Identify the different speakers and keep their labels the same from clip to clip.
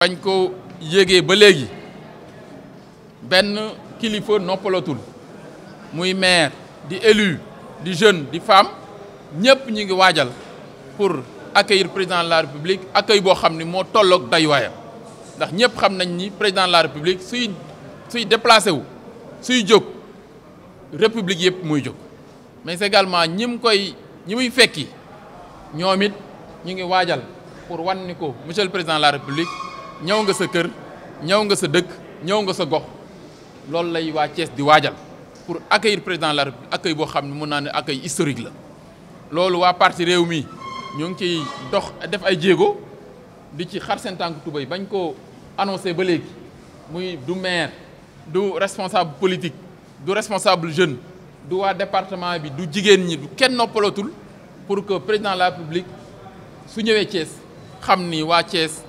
Speaker 1: bañ ko yégué ba légui ben kilifa noppalatul muy maire di élu di jeune di femme ñepp ñi ngi wajal pour accueillir président de la république accueil bo xamni mo tollok day waya ndax ñepp xam nañ ni président de la république suy suy déplacer wu suy jóg république yépp muy jóg mais également ñim koy ñimuy fekki ñomit ñi ngi wajal pour wan ni ko monsieur le président de la république ñëw nga sa kër ñëw nga sa dëkk ñëw nga sa gox loolu lay waa Thiès di waajal pour accueillir président de la République accueil boo xam ne mun naa ne accueil historique la loolu waa parti réew mi ñu ngi ciy dox def ay jéego di ci xar seen tànk tubéy bañ ko annoncé ba léegi muy du maire du responsable politique du responsable jeune du waa département bi du jigéen ñi du kenn noppalatul pour que président de la République su ñëwee Thiès xam ni waa Thiès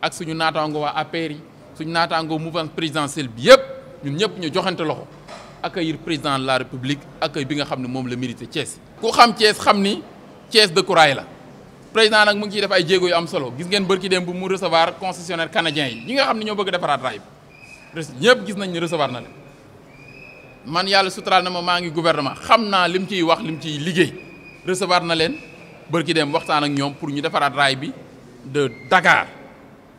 Speaker 1: ak suñu naataango waa APR yi suñu naataango mouvance présidentielle bi yëpp ñun ñëpp ñu joxante loxo accueillir président la république accueil bi nga xam ne moom la mérité Thiès. ku xam Thiès xam ni Thiès dëkku raay la président nag mu ngi ciy def ay jéego yu am solo gis ngeen bërki dem bu mu recevoir concessionnaire canadien yi ñi nga xam ne ñoo bëgg defaraat raay bi ñëpp gis nañ ni recevoir na leen man yàlla suturaal na ma maa ngi gouvernement xam naa lim ciy wax lim ciy liggéey recevoir na leen bërki dem waxtaan ak ñoom pour ñu defaraat raay bi de Dakar.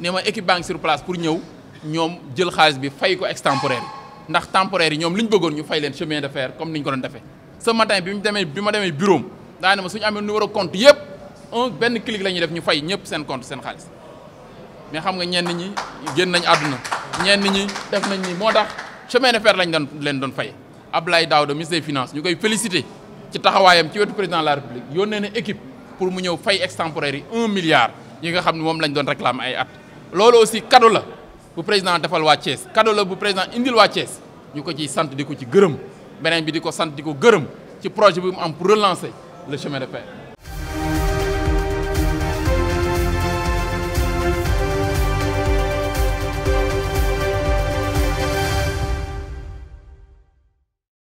Speaker 1: ne ma équipe banque sur place pour ñëw ñom jël xaalis bi fay ko extemporaire ndax temporaire ñom ñoom bëggoon ñu fay leen chemin de fer comme niñ ko doon defee ce matin bi mu demee bi ma demee bureau daa ne ma suñu amé numéro compte yépp un benn clic lañu def ñu fay ñëpp seen compte seen xaalis mais xam nga ñenn ñi génn nañ aduna ñenn ñi def nañ ni motax chemin de fer lañ doon leen doon fay Abdoulaye Daouda ministre des finances ñu koy félicité ci taxawayam ci wetu président de la république yónnee na équipe pour mu ñëw fay extemporaire 1 milliard yi nga xamni mom moom lañ doon réclamer ay at lolo aussi cadeau la bu président defal wa Thiès cadeau la bu président indil wa Thiès ñuko ci sante diko ci gëreum benen bi diko sante diko gëreum ci projet bi am pour relancer le chemin de paix.